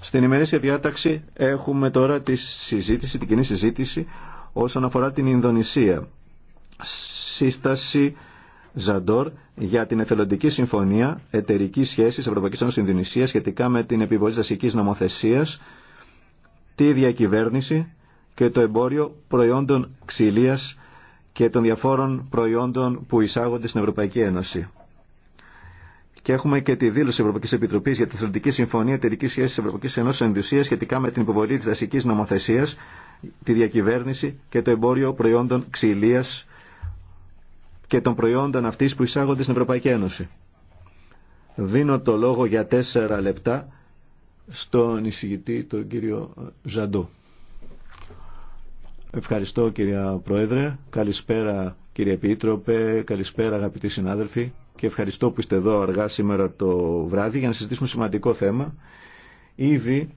Στην ημερήσια διάταξη έχουμε τώρα τη συζήτηση, την κοινή συζήτηση όσον αφορά την Ινδονησία. Σύσταση Ζαντόρ για την εθελοντική συμφωνία εταιρική σχέση Ευρωπαϊκή Ένωση Ινδονησία σχετικά με την επιβολή δασική νομοθεσία, τη διακυβέρνηση και το εμπόριο προϊόντων ξυλία και των διαφόρων προϊόντων που εισάγονται στην Ευρωπαϊκή Ένωση. Και έχουμε και τη δήλωση τη Ευρωπαϊκή Επιτροπή για τη Θεωρητική Συμφωνία Εταιρική Σχέση Ευρωπαϊκή Ενώση Ενδουσία σχετικά με την υποβολή τη δασική νομοθεσία, τη διακυβέρνηση και το εμπόριο προϊόντων ξυλία και των προϊόντων αυτή που εισάγονται στην Ευρωπαϊκή Ένωση. Δίνω το λόγο για τέσσερα λεπτά στον εισηγητή, τον κύριο Ζαντό. Ευχαριστώ κυρία Πρόεδρε, καλησπέρα κύριε Επίτροπε, καλησπέρα αγαπητοί συνάδελφοι και ευχαριστώ που είστε εδώ αργά σήμερα το βράδυ για να συζητήσουμε σημαντικό θέμα. Ήδη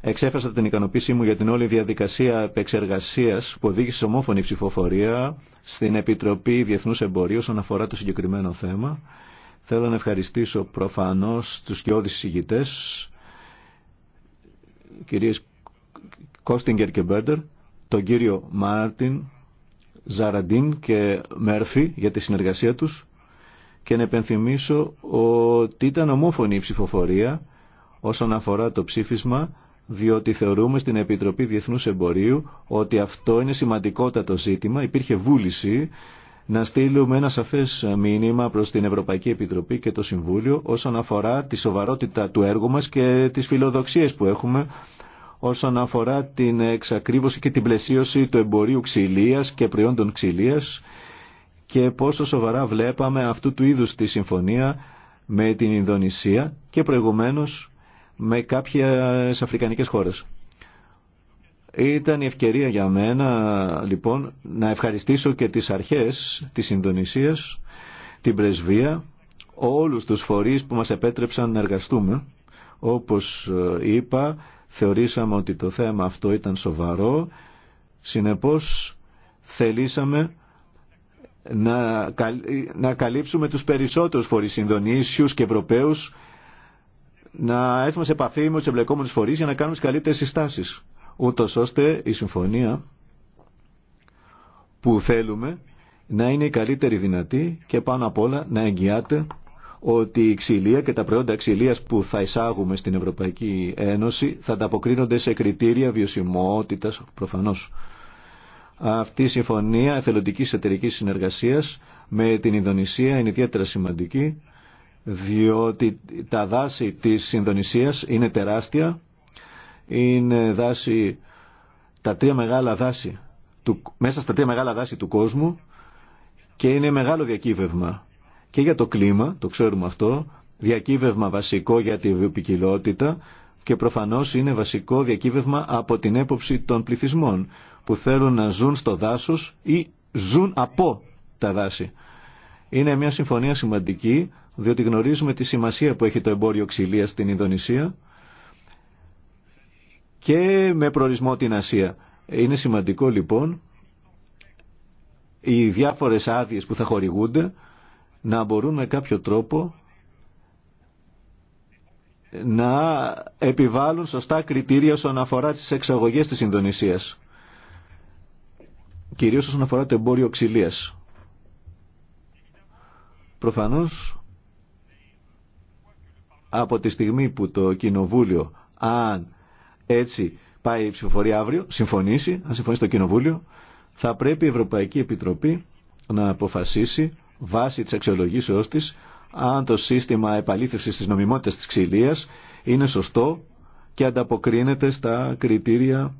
εξέφρασα την ικανοποίησή μου για την όλη διαδικασία επεξεργασία που οδήγησε σε ομόφωνη ψηφοφορία στην Επιτροπή Διεθνούς Εμπορίου όσον αφορά το συγκεκριμένο θέμα. Θέλω να ευχαριστήσω προφανώς τους κοιόδη συγητές, κυρίες Κόστιγκερ και Μπέρντερ, τον κύριο Μάρτιν, Ζαραντίν και Μέρφυ για τη συνεργασία τους και να επενθυμίσω ότι ήταν ομόφωνη η ψηφοφορία όσον αφορά το ψήφισμα διότι θεωρούμε στην Επιτροπή Διεθνούς Εμπορίου ότι αυτό είναι σημαντικότατο ζήτημα. Υπήρχε βούληση να στείλουμε ένα σαφές μήνυμα προς την Ευρωπαϊκή Επιτροπή και το Συμβούλιο όσον αφορά τη σοβαρότητα του έργου μας και τις φιλοδοξίες που έχουμε όσον αφορά την εξακρίβωση και την πλαισίωση του εμπορίου ξυλίας και προϊόντων ξυλίας και πόσο σοβαρά βλέπαμε αυτού του είδους τη συμφωνία με την Ινδονησία και προηγουμένως με κάποιες αφρικανικές χώρες. Ήταν η ευκαιρία για μένα λοιπόν να ευχαριστήσω και τις αρχές της Ινδονησίας, την πρεσβεία, όλους τους φορείς που μας επέτρεψαν να εργαστούμε. Όπως ε, είπα, θεωρήσαμε ότι το θέμα αυτό ήταν σοβαρό, συνεπώς θελήσαμε να, καλύψουμε τους περισσότερους φορείς Ινδονήσιους και Ευρωπαίους να έρθουμε σε επαφή με τους εμπλεκόμενους φορείς για να κάνουμε τις καλύτερες συστάσεις ούτως ώστε η συμφωνία που θέλουμε να είναι η καλύτερη δυνατή και πάνω απ' όλα να εγγυάται ότι η ξυλία και τα προϊόντα ξυλίας που θα εισάγουμε στην Ευρωπαϊκή Ένωση θα ανταποκρίνονται σε κριτήρια βιωσιμότητας προφανώς. Αυτή η συμφωνία εθελοντική εταιρικής συνεργασίας με την Ινδονησία είναι ιδιαίτερα σημαντική διότι τα δάση τη Ινδονησίας είναι τεράστια, είναι δάση, τα τρία μεγάλα δάση, του, μέσα στα τρία μεγάλα δάση του κόσμου και είναι μεγάλο διακύβευμα και για το κλίμα, το ξέρουμε αυτό, διακύβευμα βασικό για τη βιοπικιλότητα και προφανώς είναι βασικό διακύβευμα από την έποψη των πληθυσμών που θέλουν να ζουν στο δάσος ή ζουν από τα δάση. Είναι μια συμφωνία σημαντική διότι γνωρίζουμε τη σημασία που έχει το εμπόριο ξυλία στην Ινδονησία και με προορισμό την Ασία. Είναι σημαντικό λοιπόν οι διάφορες άδειες που θα χορηγούνται να μπορούν με κάποιο τρόπο να επιβάλλουν σωστά κριτήρια όσον αφορά τις εξαγωγές της Ινδονησίας. Κυρίως όσον αφορά το εμπόριο ξυλίας. Προφανώς, από τη στιγμή που το Κοινοβούλιο, αν έτσι πάει η ψηφοφορία αύριο, συμφωνήσει, αν συμφωνήσει το Κοινοβούλιο, θα πρέπει η Ευρωπαϊκή Επιτροπή να αποφασίσει βάσει της αξιολογήσεώς της αν το σύστημα επαλήθευσης της νομιμότητας της ξυλίας είναι σωστό και ανταποκρίνεται στα κριτήρια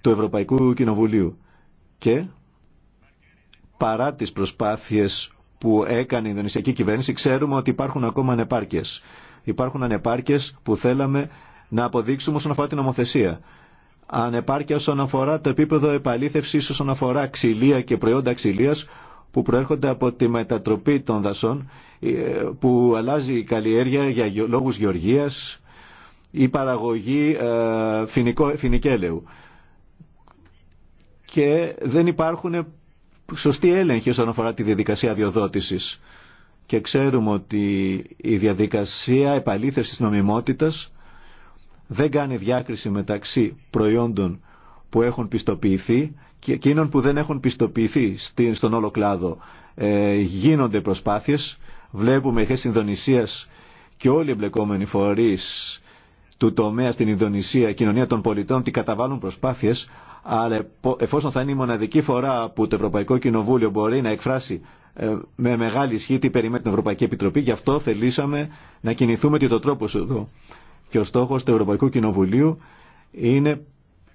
του Ευρωπαϊκού Κοινοβουλίου. Και παρά τις προσπάθειες που έκανε η Ινδονησιακή κυβέρνηση, ξέρουμε ότι υπάρχουν ακόμα ανεπάρκειες. Υπάρχουν ανεπάρκειες που θέλαμε να αποδείξουμε όσον αφορά την νομοθεσία. Ανεπάρκεια όσον αφορά το επίπεδο επαλήθευσης όσον αφορά ξυλία και προϊόντα ξυλίας που προέρχονται από τη μετατροπή των δασών ε, που αλλάζει η καλλιέργεια για λόγους γεωργίας ή παραγωγή ε, φινικέλεου. Και δεν υπάρχουν σωστοί έλεγχοι όσον αφορά τη διαδικασία διοδότησης. Και ξέρουμε ότι η διαδικασία επαλήθευσης νομιμότητας δεν κάνει διάκριση μεταξύ προϊόντων που έχουν πιστοποιηθεί και εκείνων που δεν έχουν πιστοποιηθεί στον όλο κλάδο. Ε, γίνονται προσπάθειες, βλέπουμε χες Ινδονησίας και όλοι οι εμπλεκόμενοι φορείς του τομέα στην Ινδονησία, κοινωνία των πολιτών, ότι καταβάλουν προσπάθειες, αλλά εφόσον θα είναι η μοναδική φορά που το Ευρωπαϊκό Κοινοβούλιο μπορεί να εκφράσει ε, με μεγάλη ισχύ τι περιμένει την Ευρωπαϊκή Επιτροπή, γι' αυτό θελήσαμε να κινηθούμε και το τρόπο εδώ. Και ο στόχος του Ευρωπαϊκού Κοινοβουλίου είναι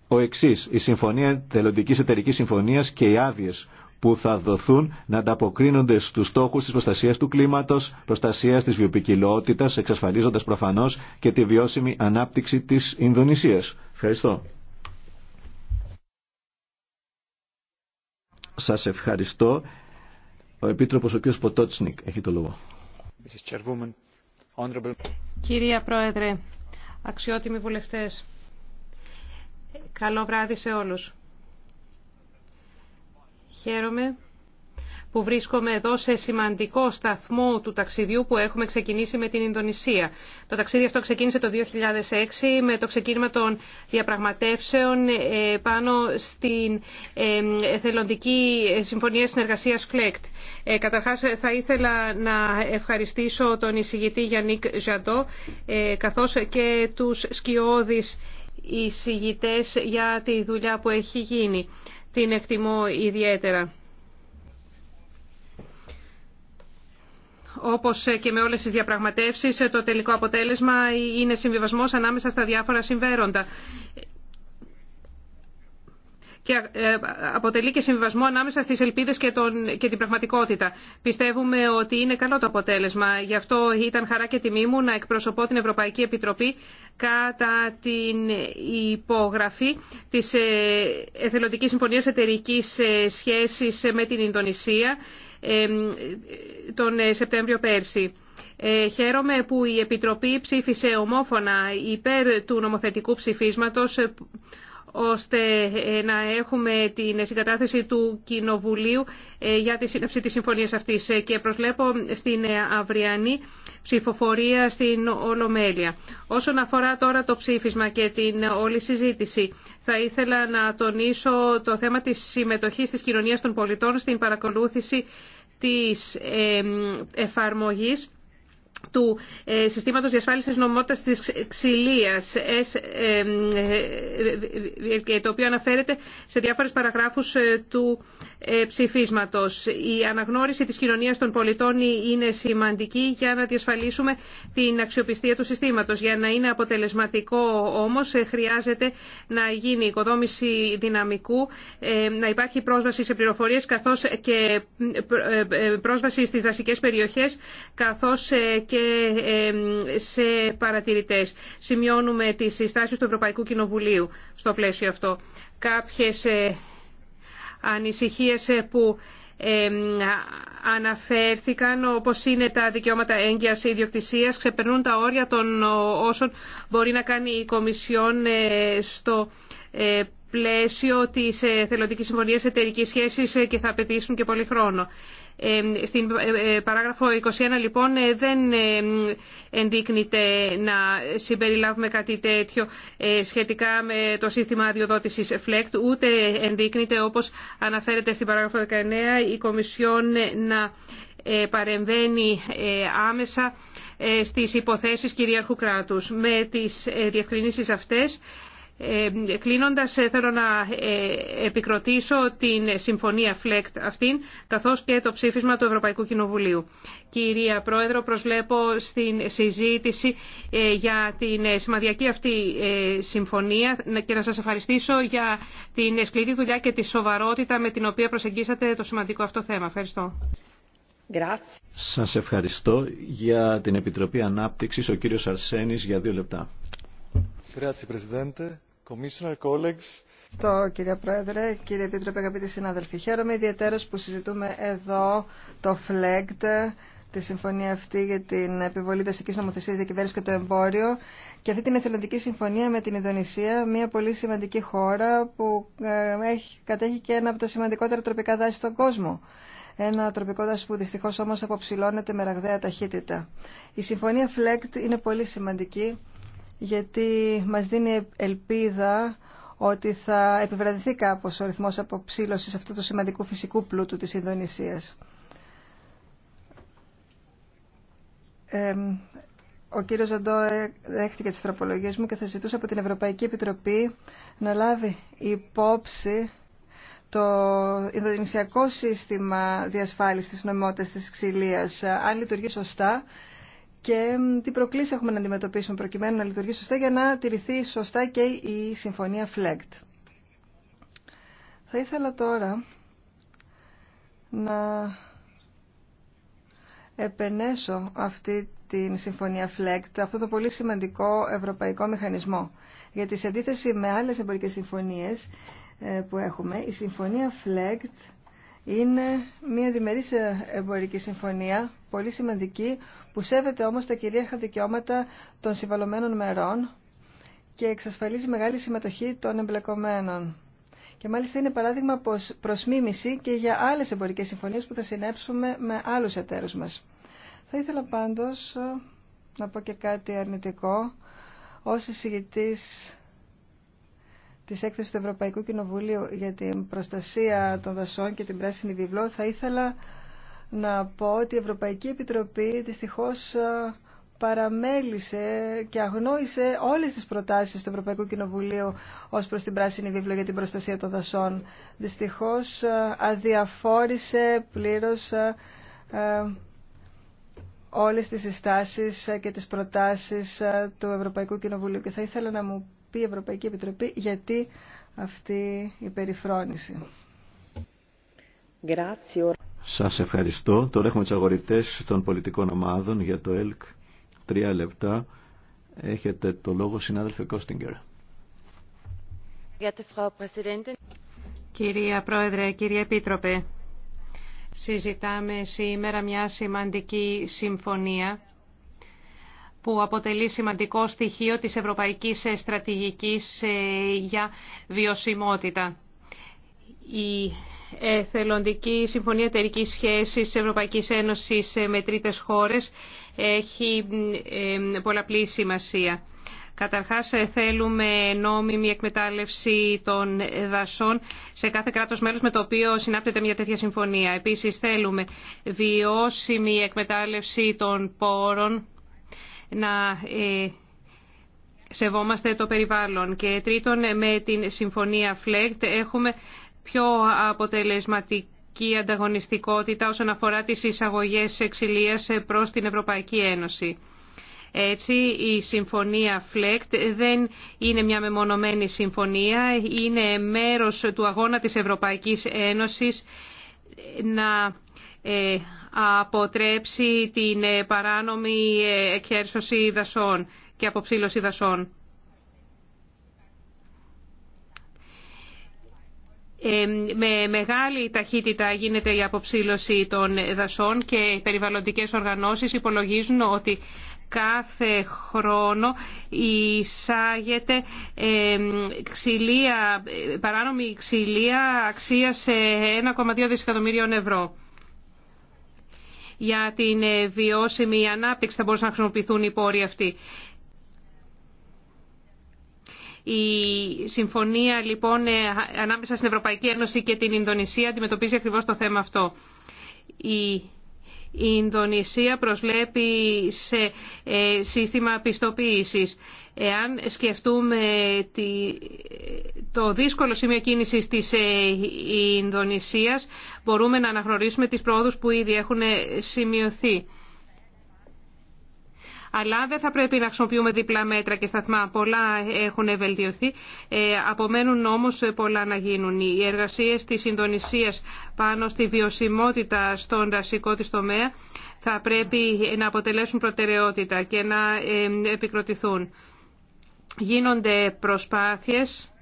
ο εξή. Η συμφωνία θελοντική εταιρική συμφωνία και οι άδειε που θα δοθούν να ανταποκρίνονται στου στόχου τη προστασία του κλίματο, προστασία τη βιοπικιλότητα, εξασφαλίζοντα προφανώ και τη βιώσιμη ανάπτυξη τη Ινδονησία. Ευχαριστώ. Σας ευχαριστώ. Ο Επίτροπος ο κ. Ποτότσνικ έχει το λόγο. Κυρία Πρόεδρε, αξιότιμοι βουλευτές, Καλό βράδυ σε όλους. Χαίρομαι που βρίσκομαι εδώ σε σημαντικό σταθμό του ταξιδιού που έχουμε ξεκινήσει με την Ινδονησία. Το ταξίδι αυτό ξεκίνησε το 2006 με το ξεκίνημα των διαπραγματεύσεων ε, πάνω στην ε, εθελοντική συμφωνία συνεργασίας FLECT. Ε, καταρχάς θα ήθελα να ευχαριστήσω τον εισηγητή Γιάννικ Ζαντό καθώς και τους σκιώδεις οι για τη δουλειά που έχει γίνει. Την εκτιμώ ιδιαίτερα. Όπως και με όλες τις διαπραγματεύσεις, το τελικό αποτέλεσμα είναι συμβιβασμός ανάμεσα στα διάφορα συμβέροντα και ε, αποτελεί και συμβιβασμό ανάμεσα στις ελπίδες και, τον, και την πραγματικότητα. Πιστεύουμε ότι είναι καλό το αποτέλεσμα. Γι' αυτό ήταν χαρά και τιμή μου να εκπροσωπώ την Ευρωπαϊκή Επιτροπή κατά την υπογραφή της ε, Εθελοντικής Συμφωνίας Εταιρικής ε, Σχέσης με την Ινδονησία τον Σεπτέμβριο πέρσι. Χαίρομαι που η Επιτροπή ψήφισε ομόφωνα υπέρ του νομοθετικού ψηφίσματος ώστε ε, να έχουμε την συγκατάθεση του Κοινοβουλίου ε, για τη σύναψη της συμφωνίας αυτής ε, και προσλέπω στην αυριανή ψηφοφορία στην Ολομέλεια. Όσον αφορά τώρα το ψήφισμα και την όλη συζήτηση, θα ήθελα να τονίσω το θέμα της συμμετοχής της κοινωνίας των πολιτών στην παρακολούθηση της εφαρμογής του ε, Συστήματος Διασφάλισης Νομιμότητας της Ξυλίας, ε, ε, το οποίο αναφέρεται σε διάφορες παραγράφους του ψηφίσματος. Η αναγνώριση της κοινωνίας των πολιτών είναι σημαντική για να διασφαλίσουμε την αξιοπιστία του συστήματος. Για να είναι αποτελεσματικό όμως χρειάζεται να γίνει οικοδόμηση δυναμικού, να υπάρχει πρόσβαση σε πληροφορίες καθώς και πρόσβαση στις δασικές περιοχές, καθώς και και σε παρατηρητές. Σημειώνουμε τις συστάσεις του Ευρωπαϊκού Κοινοβουλίου στο πλαίσιο αυτό. Κάποιες ε, ανησυχίες ε, που αναφέρθηκαν όπως είναι τα δικαιώματα έγκυας ιδιοκτησίας ξεπερνούν τα όρια των όσων μπορεί να κάνει η Κομισιόν ε, στο πλαίσιο της θελοντικής συμφωνίας εταιρικής σχέσης και θα απαιτήσουν και πολύ χρόνο. Στην ε, ε, παράγραφο 21 λοιπόν ε, δεν ενδείκνυται να συμπεριλάβουμε κάτι τέτοιο σχετικά με το σύστημα αδειοδότησης FLECT, ούτε ενδείκνυται όπως αναφέρεται στην παράγραφο 19 η Κομισιόν να παρεμβαίνει άμεσα στις υποθέσεις κυρίαρχου κράτους. Με τις διευκρινήσεις αυτές ε, κλείνοντας, ε, θέλω να ε, επικροτήσω την συμφωνία FLECT αυτήν, καθώς και το ψήφισμα του Ευρωπαϊκού Κοινοβουλίου. Κυρία Πρόεδρο, προσβλέπω στην συζήτηση ε, για την σημαδιακή αυτή συμφωνία και να σας ευχαριστήσω για την σκληρή δουλειά και τη σοβαρότητα με την οποία προσεγγίσατε το σημαντικό αυτό θέμα. Ευχαριστώ. Σας ευχαριστώ για την Επιτροπή Ανάπτυξης, ο κύριος Αρσένης για δύο λεπτά. Στο κύριε Πρόεδρε, κύριε Επίτροπε, αγαπητοί συνάδελφοι, χαίρομαι ιδιαίτερως που συζητούμε εδώ το FLEGT, τη συμφωνία αυτή για την επιβολή δασική νομοθεσία διακυβέρνηση και το εμπόριο και αυτή την εθελοντική συμφωνία με την Ιδονησία, μια πολύ σημαντική χώρα που ε, έχει, κατέχει και ένα από τα σημαντικότερα τροπικά δάση στον κόσμο. Ένα τροπικό δάση που δυστυχώ όμω αποψηλώνεται με ραγδαία ταχύτητα. Η συμφωνία FLEGT είναι πολύ σημαντική γιατί μας δίνει ελπίδα ότι θα επιβραδυθεί κάπως ο ρυθμός αποψήλωσης αυτού του σημαντικού φυσικού πλούτου της Ινδονησίας. ο κύριος Ζαντό δέχτηκε τις τροπολογίες μου και θα ζητούσα από την Ευρωπαϊκή Επιτροπή να λάβει υπόψη το Ινδονησιακό σύστημα διασφάλισης νομιμότητας της ξυλίας. Αν λειτουργεί σωστά, και τι προκλήσεις έχουμε να αντιμετωπίσουμε προκειμένου να λειτουργήσει σωστά για να τηρηθεί σωστά και η συμφωνία FLEGT. Θα ήθελα τώρα να επενέσω αυτή την συμφωνία FLECT, αυτό το πολύ σημαντικό ευρωπαϊκό μηχανισμό. Γιατί σε αντίθεση με άλλες εμπορικές συμφωνίες ε, που έχουμε, η συμφωνία FLECT είναι μια διμερής εμπορική συμφωνία, πολύ σημαντική, που σέβεται όμως τα κυρίαρχα δικαιώματα των συμβαλωμένων μερών και εξασφαλίζει μεγάλη συμμετοχή των εμπλεκομένων. Και μάλιστα είναι παράδειγμα προς μίμηση και για άλλες εμπορικές συμφωνίες που θα συνέψουμε με άλλους εταίρους μας. Θα ήθελα πάντως να πω και κάτι αρνητικό. Ως της έκθεσης του Ευρωπαϊκού Κοινοβουλίου για την προστασία των δασών και την πράσινη βιβλό θα ήθελα να πω ότι η Ευρωπαϊκή Επιτροπή δυστυχώς ε, παραμέλησε και αγνόησε όλες τις προτάσεις του Ευρωπαϊκού Κοινοβουλίου ως προς την Πράσινη Βίβλο για την προστασία των δασών. Δυστυχώς ε, αδιαφόρησε πλήρως ε, όλες τις συστάσεις και τις προτάσεις του Ευρωπαϊκού Κοινοβουλίου και θα ήθελα να μου πει η Ευρωπαϊκή Επιτροπή γιατί αυτή η περιφρόνηση. Σα ευχαριστώ. Τώρα έχουμε τους αγορητές των πολιτικών ομάδων για το ΕΛΚ. Τρία λεπτά. Έχετε το λόγο, συνάδελφε Κόστιγκερ. Κυρία Πρόεδρε, κύριε Επίτροπε, συζητάμε σήμερα μια σημαντική συμφωνία που αποτελεί σημαντικό στοιχείο της Ευρωπαϊκής Στρατηγικής ε, για Βιωσιμότητα. Η Εθελοντική Συμφωνία εταιρική σχέση της Ευρωπαϊκής Ένωσης ε, με τρίτες χώρες έχει ε, πολλαπλή σημασία. Καταρχάς θέλουμε νόμιμη εκμετάλλευση των δασών σε κάθε κράτος μέλος με το οποίο συνάπτεται μια τέτοια συμφωνία. Επίσης θέλουμε βιώσιμη εκμετάλλευση των πόρων να ε, σεβόμαστε το περιβάλλον. Και τρίτον, με την Συμφωνία FLECT έχουμε πιο αποτελεσματική ανταγωνιστικότητα όσον αφορά τις εισαγωγές εξηλίας προς την Ευρωπαϊκή Ένωση. Έτσι, η συμφωνία FLECT δεν είναι μια μεμονωμένη συμφωνία, είναι μέρος του αγώνα της Ευρωπαϊκής Ένωσης να ε, αποτρέψει την ε, παράνομη εκχέρσωση δασών και αποψήλωση δασών. με μεγάλη ταχύτητα γίνεται η αποψήλωση των δασών και οι περιβαλλοντικές οργανώσεις υπολογίζουν ότι κάθε χρόνο εισάγεται ξυλία, ε, παράνομη ξυλία αξίας 1,2 ε, δισεκατομμύριων ευρώ για την ε, βιώσιμη ανάπτυξη θα μπορούσαν να χρησιμοποιηθούν οι πόροι αυτοί. Η συμφωνία λοιπόν ε, ανάμεσα στην Ευρωπαϊκή Ένωση και την Ινδονησία αντιμετωπίζει ακριβώς το θέμα αυτό. Η η Ινδονησία προσλέπει σε ε, σύστημα πιστοποίησης. Εάν σκεφτούμε το δύσκολο σημείο κίνησης της ε, Ινδονησίας, μπορούμε να αναγνωρίσουμε τις πρόοδους που ήδη έχουν ε, σημειωθεί αλλά δεν θα πρέπει να χρησιμοποιούμε διπλά μέτρα και σταθμά. Πολλά έχουν βελτιωθεί, ε, απομένουν όμως πολλά να γίνουν. Οι εργασίες τη συντονισία πάνω στη βιωσιμότητα στον δασικό τη τομέα θα πρέπει να αποτελέσουν προτεραιότητα και να ε, επικροτηθούν. Γίνονται προσπάθειες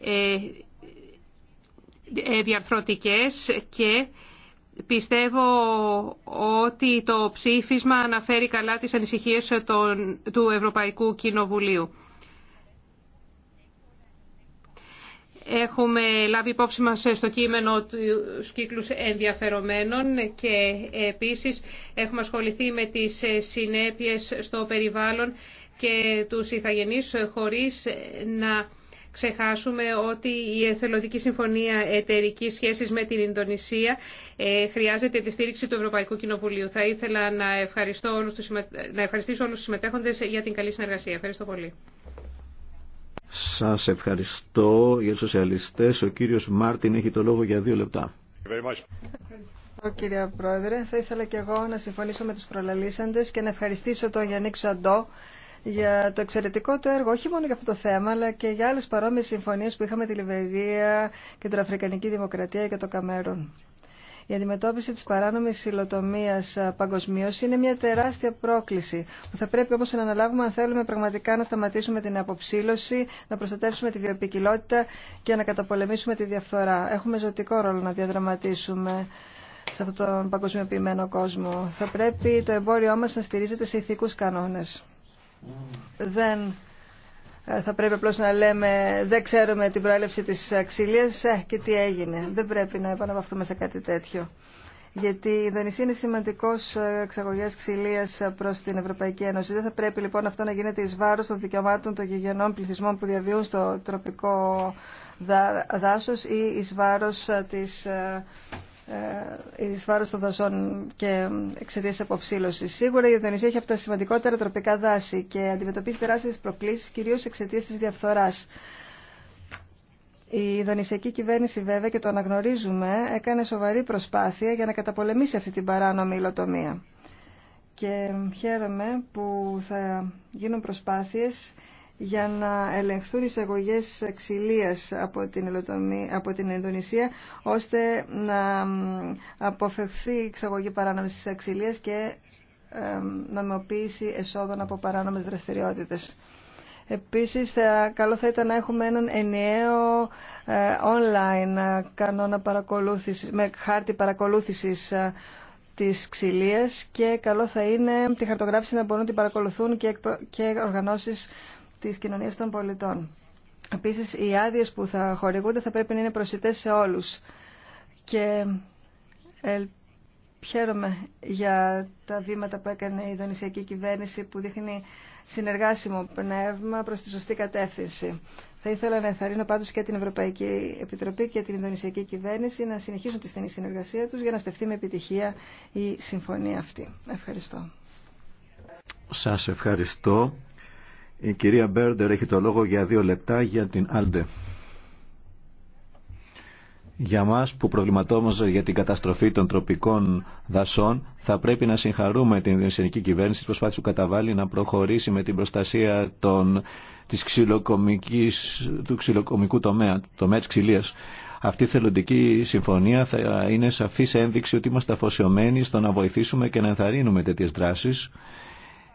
ε, διαρθρωτικές και Πιστεύω ότι το ψήφισμα αναφέρει καλά τις ανησυχίες του Ευρωπαϊκού Κοινοβουλίου. Έχουμε λάβει υπόψη μας στο κείμενο του κύκλους ενδιαφερομένων και επίσης έχουμε ασχοληθεί με τις συνέπειες στο περιβάλλον και τους ηθαγενείς χωρίς να ξεχάσουμε ότι η εθελοντική συμφωνία Εταιρική σχέση με την Ινδονησία ε, χρειάζεται τη στήριξη του Ευρωπαϊκού Κοινοβουλίου. Θα ήθελα να, ευχαριστώ όλους τους, να ευχαριστήσω όλους του συμμετέχοντες για την καλή συνεργασία. Ευχαριστώ πολύ. Σας ευχαριστώ για τους σοσιαλιστές. Ο κύριος Μάρτιν έχει το λόγο για δύο λεπτά. Ευχαριστώ κύριε Πρόεδρε. Θα ήθελα και εγώ να συμφωνήσω με τους προλαλήσαντες και να ευχαριστήσω τον Γιάννη Ξαντό για το εξαιρετικό του έργο, όχι μόνο για αυτό το θέμα, αλλά και για άλλε παρόμοιες συμφωνίε που είχαμε τη Λιβερία, Αφρικανική Δημοκρατία και το Καμέρον. Η αντιμετώπιση της παράνομη υλοτομίας ε, παγκοσμίω είναι μια τεράστια πρόκληση που θα πρέπει όμω να αναλάβουμε αν θέλουμε πραγματικά να σταματήσουμε την αποψήλωση, να προστατεύσουμε τη βιοπικιλότητα και να καταπολεμήσουμε τη διαφθορά. Έχουμε ζωτικό ρόλο να διαδραματίσουμε σε αυτόν τον παγκοσμιοποιημένο κόσμο. Θα πρέπει το εμπόριό μας να στηρίζεται σε ηθικούς κανόνες. Δεν ε, θα πρέπει απλώ να λέμε δεν ξέρουμε την προέλευση της ξυλίας ε, και τι έγινε. Δεν πρέπει να επαναβαθούμε σε κάτι τέτοιο. Γιατί η δανεισή είναι σημαντικό ε, εξαγωγέα ξυλία προ την Ευρωπαϊκή Ένωση. Δεν θα πρέπει λοιπόν αυτό να γίνεται ει βάρο των δικαιωμάτων των γηγενών πληθυσμών που διαβιούν στο τροπικό δάσο ή ει βάρο τη ε, εις βάρος των δασών και εξαιτία αποψήλωση. Σίγουρα η Ιδονησία έχει από τα σημαντικότερα τροπικά δάση και αντιμετωπίζει τεράστιες προκλήσεις κυρίως εξαιτία της διαφθοράς. Η ιδονησιακή κυβέρνηση βέβαια και το αναγνωρίζουμε έκανε σοβαρή προσπάθεια για να καταπολεμήσει αυτή την παράνομη υλοτομία. Και χαίρομαι που θα γίνουν προσπάθειες για να ελεγχθούν οι εισαγωγές ξυλίας από την, από την Ινδονησία ώστε να αποφευθεί η εξαγωγή παράνομης ξυλίας και νομιμοποίηση εσόδων από παράνομες δραστηριότητες. Επίσης, καλό θα ήταν να έχουμε έναν ενιαίο ε, online κανόνα παρακολούθησης, με χάρτη παρακολούθησης ε, της ξυλίας και καλό θα είναι τη χαρτογράφηση να μπορούν να την παρακολουθούν και, και οργανώσεις Τη κοινωνία των πολιτών. Επίση, οι άδειε που θα χορηγούνται θα πρέπει να είναι προσιτέ σε όλου. Και χαίρομαι για τα βήματα που έκανε η δανεισιακή κυβέρνηση που δείχνει συνεργάσιμο πνεύμα προς τη σωστή κατεύθυνση. Θα ήθελα να ενθαρρύνω πάντως και την Ευρωπαϊκή Επιτροπή και την Ινδονησιακή Κυβέρνηση να συνεχίσουν τη στενή συνεργασία τους για να στεφθεί με επιτυχία η συμφωνία αυτή. Ευχαριστώ. Σας ευχαριστώ. Η κυρία Μπέρντερ έχει το λόγο για δύο λεπτά για την Άλντε. Για μας που προβληματόμαστε για την καταστροφή των τροπικών δασών, θα πρέπει να συγχαρούμε την ελληνική κυβέρνηση της προσπάθειας που καταβάλει να προχωρήσει με την προστασία των, της του ξυλοκομικού τομέα, τομέα της ξυλίας. Αυτή η θελοντική συμφωνία θα είναι σαφής ένδειξη ότι είμαστε αφοσιωμένοι στο να βοηθήσουμε και να ενθαρρύνουμε τέτοιες δράσεις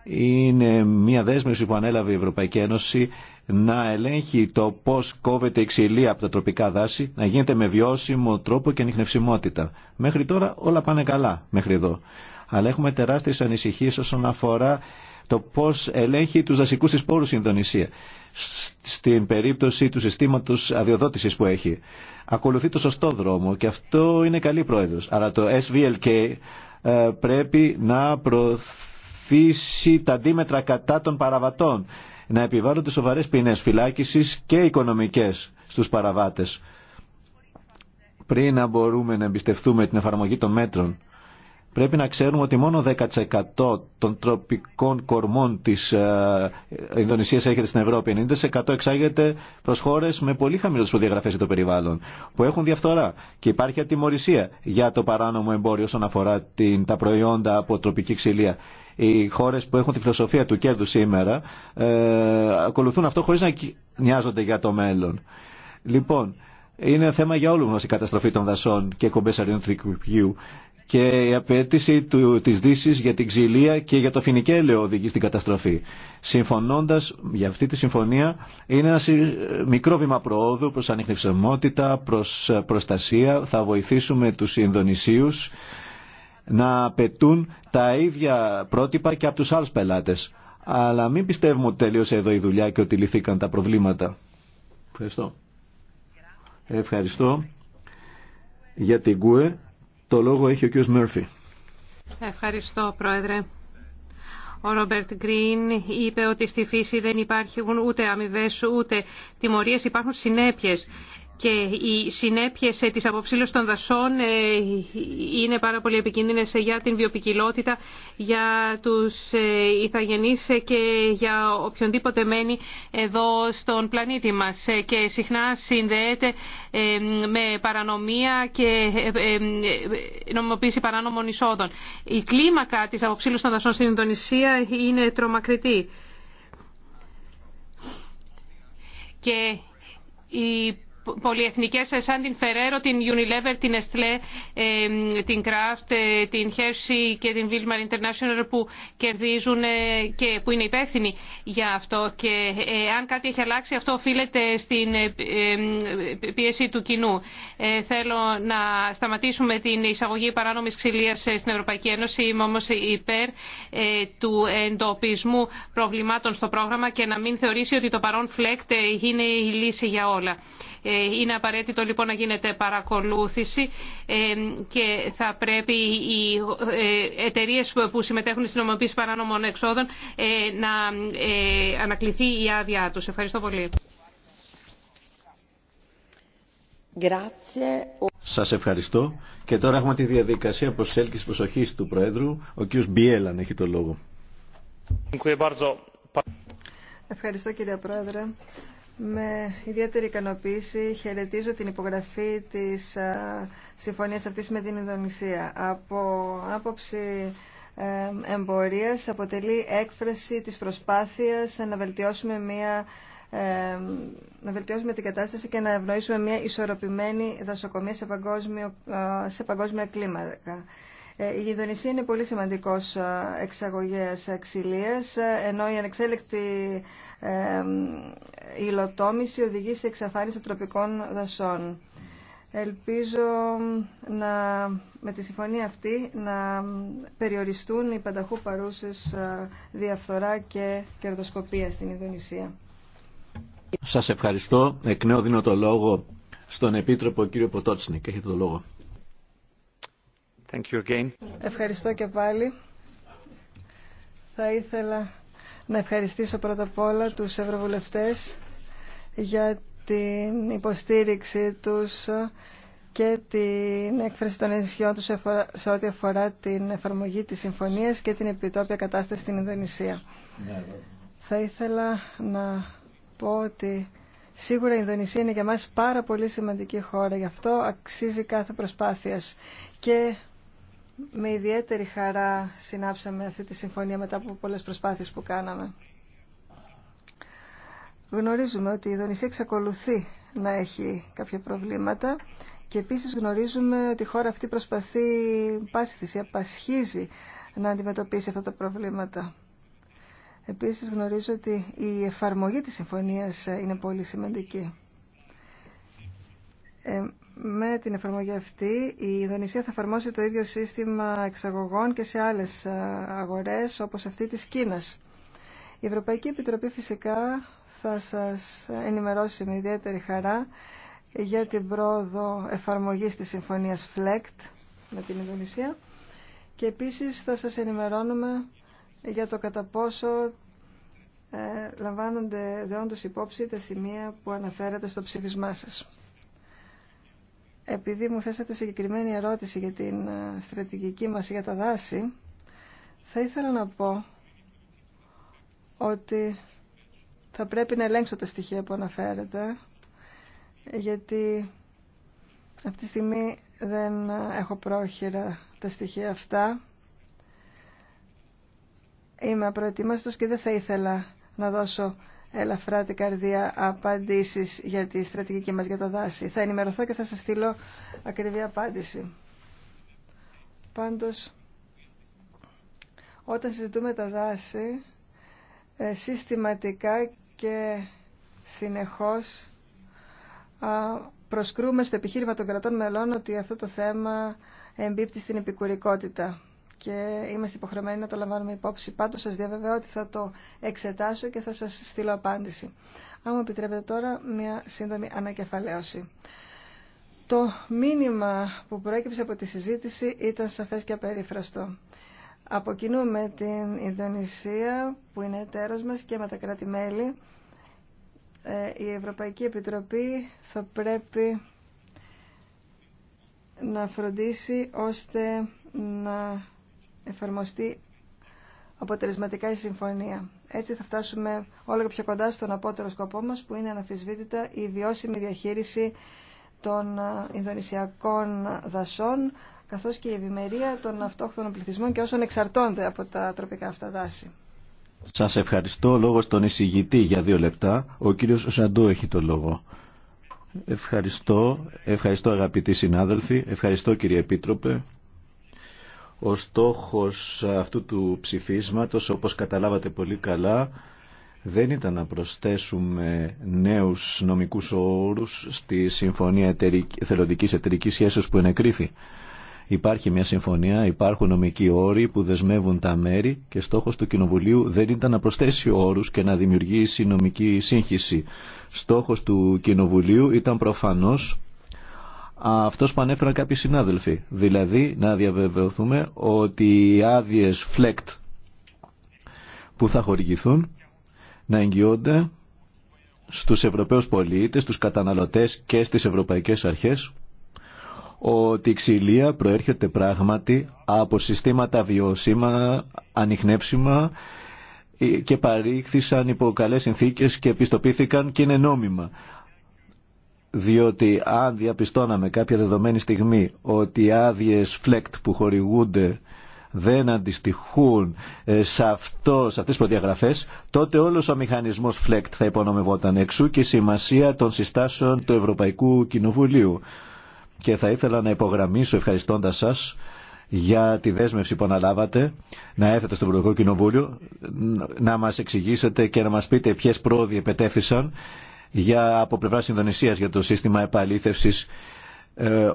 είναι μια δέσμευση που ανέλαβε η Ευρωπαϊκή Ένωση να ελέγχει το πώς κόβεται η ξυλία από τα τροπικά δάση, να γίνεται με βιώσιμο τρόπο και ανιχνευσιμότητα. Μέχρι τώρα όλα πάνε καλά, μέχρι εδώ. Αλλά έχουμε τεράστιες ανησυχίες όσον αφορά το πώς ελέγχει τους δασικούς της πόρους η Ινδονησία στην περίπτωση του συστήματος αδειοδότησης που έχει. Ακολουθεί το σωστό δρόμο και αυτό είναι καλή πρόεδρος. Αλλά το SVLK ε, πρέπει να τα αντίμετρα κατά των παραβατών, να επιβάλλονται σοβαρές ποινές φυλάκισης και οικονομικές στους παραβάτες, πριν να μπορούμε να εμπιστευτούμε την εφαρμογή των μέτρων. Πρέπει να ξέρουμε ότι μόνο 10% των τροπικών κορμών της ε, Ινδονησίας έρχεται στην Ευρώπη. 90% εξάγεται προς χώρες με πολύ χαμηλές προδιαγραφές για το περιβάλλον, που έχουν διαφθορά. Και υπάρχει ατιμορρησία για το παράνομο εμπόριο όσον αφορά την, τα προϊόντα από τροπική ξυλία οι χώρε που έχουν τη φιλοσοφία του κέρδου σήμερα ε, ακολουθούν αυτό χωρί να νοιάζονται για το μέλλον. Λοιπόν, είναι θέμα για όλου μας η καταστροφή των δασών και κομπές αρνητικού και η απέτηση του, της δύση για την ξυλία και για το φινικέλαιο οδηγεί στην καταστροφή. Συμφωνώντας για αυτή τη συμφωνία είναι ένα μικρό βήμα προόδου προς ανιχνευσιμότητα, προς προστασία. Θα βοηθήσουμε τους Ινδονησίους να απαιτούν τα ίδια πρότυπα και από τους άλλους πελάτες. Αλλά μην πιστεύουμε ότι τελείωσε εδώ η δουλειά και ότι λυθήκαν τα προβλήματα. Ευχαριστώ. Ευχαριστώ. Για την ΚΟΕ το λόγο έχει ο κ. Μέρφυ. Ευχαριστώ, Πρόεδρε. Ο Ρόμπερτ Γκριν είπε ότι στη φύση δεν υπάρχουν ούτε αμοιβέ ούτε τιμωρίε, υπάρχουν συνέπειε. Και οι συνέπειε ε, τη αποψήλωση των δασών ε, είναι πάρα πολύ επικίνδυνες για την βιοπικιλότητα, για τους ε, ηθαγενείς και για οποιονδήποτε μένει εδώ στον πλανήτη μας ε, και συχνά συνδέεται ε, με παρανομία και νομιμοποίηση παράνομων εισόδων. Η κλίμακα της αποψήλωσης των δασών στην Ινδονησία είναι τρομακριτή. Και η πολυεθνικές ε, σαν την Ferrero, την Unilever, την Estlé, ε, την Kraft, ε, την Hershey και την Wilmar International που κερδίζουν και που είναι υπεύθυνοι για αυτό. Και αν κάτι έχει αλλάξει αυτό οφείλεται στην πίεση του κοινού. Θέλω να σταματήσουμε την εισαγωγή παράνομης ξυλίας στην Ευρωπαϊκή Ένωση. Είμαι όμως υπέρ του εντοπισμού προβλημάτων στο πρόγραμμα και να μην θεωρήσει ότι το παρόν φλέκτε είναι η λύση για όλα ε, είναι απαραίτητο λοιπόν να γίνεται παρακολούθηση ε, και θα πρέπει οι ε, εταιρείε που συμμετέχουν στην ομοποίηση παράνομων εξόδων να ανακληθεί η άδειά τους. Ευχαριστώ πολύ. Σας ευχαριστώ. Και τώρα έχουμε τη διαδικασία προσέλκυσης προσοχής του Προέδρου. Ο κ. Μπιέλαν έχει το λόγο. Ευχαριστώ κύριε Πρόεδρε. Με ιδιαίτερη ικανοποίηση χαιρετίζω την υπογραφή της ε, συμφωνίας αυτής με την Ινδονησία. Από άποψη ε, εμπορίας αποτελεί έκφραση της προσπάθειας να βελτιώσουμε, μια, ε, να βελτιώσουμε την κατάσταση και να ευνοήσουμε μια ισορροπημένη δασοκομεία σε, παγκόσμιο, σε παγκόσμια κλίμακα. Η Ινδονησία είναι πολύ σημαντικός εξαγωγέας ξυλίας, ενώ η ανεξέλεκτη η υλοτόμηση οδηγεί σε εξαφάνιση τροπικών δασών. Ελπίζω να, με τη συμφωνία αυτή να περιοριστούν οι πανταχού παρούσες διαφθορά και κερδοσκοπία στην Ινδονησία. Σας ευχαριστώ. Εκ νέου δίνω το λόγο στον Επίτροπο κύριο Ποτότσνικ. Έχετε το λόγο. Thank you again. Ευχαριστώ και πάλι. Θα ήθελα να ευχαριστήσω πρώτα απ' όλα τους ευρωβουλευτές για την υποστήριξή τους και την έκφραση των ενισχυών τους σε ό,τι αφορά την εφαρμογή της συμφωνίας και την επιτόπια κατάσταση στην Ινδονησία. Ναι, ναι. Θα ήθελα να πω ότι σίγουρα η Ινδονησία είναι για μας πάρα πολύ σημαντική χώρα, γι' αυτό αξίζει κάθε προσπάθειας και με ιδιαίτερη χαρά συνάψαμε αυτή τη συμφωνία μετά από πολλές προσπάθειες που κάναμε. Γνωρίζουμε ότι η Δονησία εξακολουθεί να έχει κάποια προβλήματα και επίσης γνωρίζουμε ότι η χώρα αυτή προσπαθεί πάση θυσία, πασχίζει να αντιμετωπίσει αυτά τα προβλήματα. Επίσης γνωρίζω ότι η εφαρμογή της συμφωνίας είναι πολύ σημαντική. Ε, με την εφαρμογή αυτή η Ινδονησία θα εφαρμόσει το ίδιο σύστημα εξαγωγών και σε άλλες ε, αγορές όπως αυτή της Κίνας. Η Ευρωπαϊκή Επιτροπή φυσικά θα σας ενημερώσει με ιδιαίτερη χαρά για την πρόοδο εφαρμογής της συμφωνίας FLECT με την Ινδονησία και επίσης θα σας ενημερώνουμε για το κατά πόσο ε, λαμβάνονται δεόντως υπόψη τα σημεία που αναφέρατε στο ψήφισμά σας επειδή μου θέσατε συγκεκριμένη ερώτηση για την ε, στρατηγική μας για τα δάση, θα ήθελα να πω ότι θα πρέπει να ελέγξω τα στοιχεία που αναφέρετε, γιατί αυτή τη στιγμή δεν έχω πρόχειρα τα στοιχεία αυτά. Είμαι απροετοίμαστος και δεν θα ήθελα να δώσω ελαφρά την καρδία απαντήσει για τη στρατηγική μας για τα δάση. Θα ενημερωθώ και θα σα στείλω ακριβή απάντηση. Πάντως, όταν συζητούμε τα δάση, ε, συστηματικά και συνεχώς προσκρούμε στο επιχείρημα των κρατών μελών ότι αυτό το θέμα εμπίπτει στην επικουρικότητα και είμαστε υποχρεωμένοι να το λαμβάνουμε υπόψη. Πάντως σα διαβεβαιώ ότι θα το εξετάσω και θα σας στείλω απάντηση. Αν μου επιτρέπετε τώρα μια σύντομη ανακεφαλαίωση. Το μήνυμα που προέκυψε από τη συζήτηση ήταν σαφές και απερίφραστο. Αποκινούμε την Ινδονησία που είναι εταίρος μας και με τα κράτη-μέλη ε, η Ευρωπαϊκή Επιτροπή θα πρέπει να φροντίσει ώστε να εφαρμοστεί αποτελεσματικά η συμφωνία. Έτσι θα φτάσουμε όλο και πιο κοντά στον απότερο σκοπό μας που είναι αναφυσβήτητα η βιώσιμη διαχείριση των ε, Ινδονησιακών δασών καθώς και η ευημερία των αυτόχθων πληθυσμών και όσων εξαρτώνται από τα τροπικά αυτά δάση. Σας ευχαριστώ. Λόγος στον εισηγητή για δύο λεπτά. Ο κύριος Σαντού έχει το λόγο. Ευχαριστώ. Ευχαριστώ αγαπητοί συνάδελφοι. Ευχαριστώ κύριε Επίτροπε. Ο στόχος αυτού του ψηφίσματος, όπως καταλάβατε πολύ καλά, δεν ήταν να προσθέσουμε νέους νομικούς όρους στη Συμφωνία Θελοντικής Εταιρικής Σχέσεως που ενεκρίθη. Υπάρχει μια συμφωνία, υπάρχουν νομικοί όροι που δεσμεύουν τα μέρη και στόχος του Κοινοβουλίου δεν ήταν να προσθέσει όρους και να δημιουργήσει νομική σύγχυση. Στόχος του Κοινοβουλίου ήταν προφανώς αυτός που ανέφεραν κάποιοι συνάδελφοι. Δηλαδή να διαβεβαιωθούμε ότι οι άδειε φλεκτ που θα χορηγηθούν να εγγυώνται στους Ευρωπαίους πολίτες, στους καταναλωτές και στις Ευρωπαϊκές Αρχές ότι η ξυλία προέρχεται πράγματι από συστήματα βιώσιμα, ανοιχνεύσιμα και παρήχθησαν υπό καλές συνθήκες και επιστοποιήθηκαν και είναι νόμιμα διότι αν διαπιστώναμε κάποια δεδομένη στιγμή ότι οι άδειε φλεκτ που χορηγούνται δεν αντιστοιχούν σε, αυτό, σε αυτές τις προδιαγραφές, τότε όλος ο μηχανισμός φλεκτ θα υπονομευόταν εξού και η σημασία των συστάσεων του Ευρωπαϊκού Κοινοβουλίου. Και θα ήθελα να υπογραμμίσω ευχαριστώντας σας για τη δέσμευση που αναλάβατε να έρθετε στο Ευρωπαϊκό Κοινοβούλιο, να μας εξηγήσετε και να μας πείτε ποιες πρόοδοι επετέθησαν για, από πλευρά Ινδονησίας για το σύστημα επαλήθευση. Ε,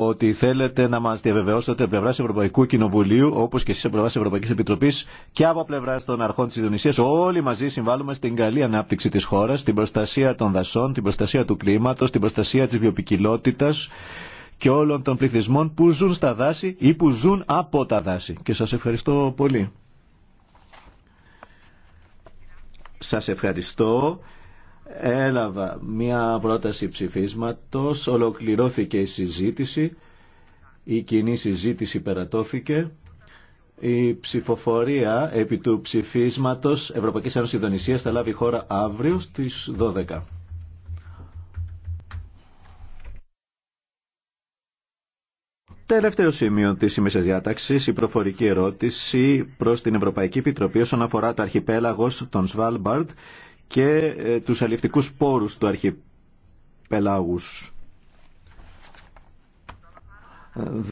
ότι θέλετε να μας διαβεβαιώσετε πλευρά Ευρωπαϊκού Κοινοβουλίου όπως και εσείς από πλευρά Ευρωπαϊκής Επιτροπής και από πλευρά των αρχών της Ινδονησίας όλοι μαζί συμβάλλουμε στην καλή ανάπτυξη της χώρας, την προστασία των δασών, την προστασία του κλίματος, την προστασία της βιοπικιλότητας και όλων των πληθυσμών που ζουν στα δάση ή που ζουν από τα δάση. Και σας ευχαριστώ πολύ. Σας ευχαριστώ έλαβα μια πρόταση ψηφίσματος, ολοκληρώθηκε η συζήτηση, η κοινή συζήτηση περατώθηκε, η ψηφοφορία επί του ψηφίσματος Ευρωπαϊκής Ένωσης Ιδονησίας θα λάβει χώρα αύριο στις 12. Τελευταίο σημείο τη ημέρα διάταξη, η προφορική ερώτηση προ την Ευρωπαϊκή Επιτροπή όσον αφορά το αρχιπέλαγο των Σβάλμπαρντ και ε, τους αλληλευτικούς πόρους του αρχιπελάγους.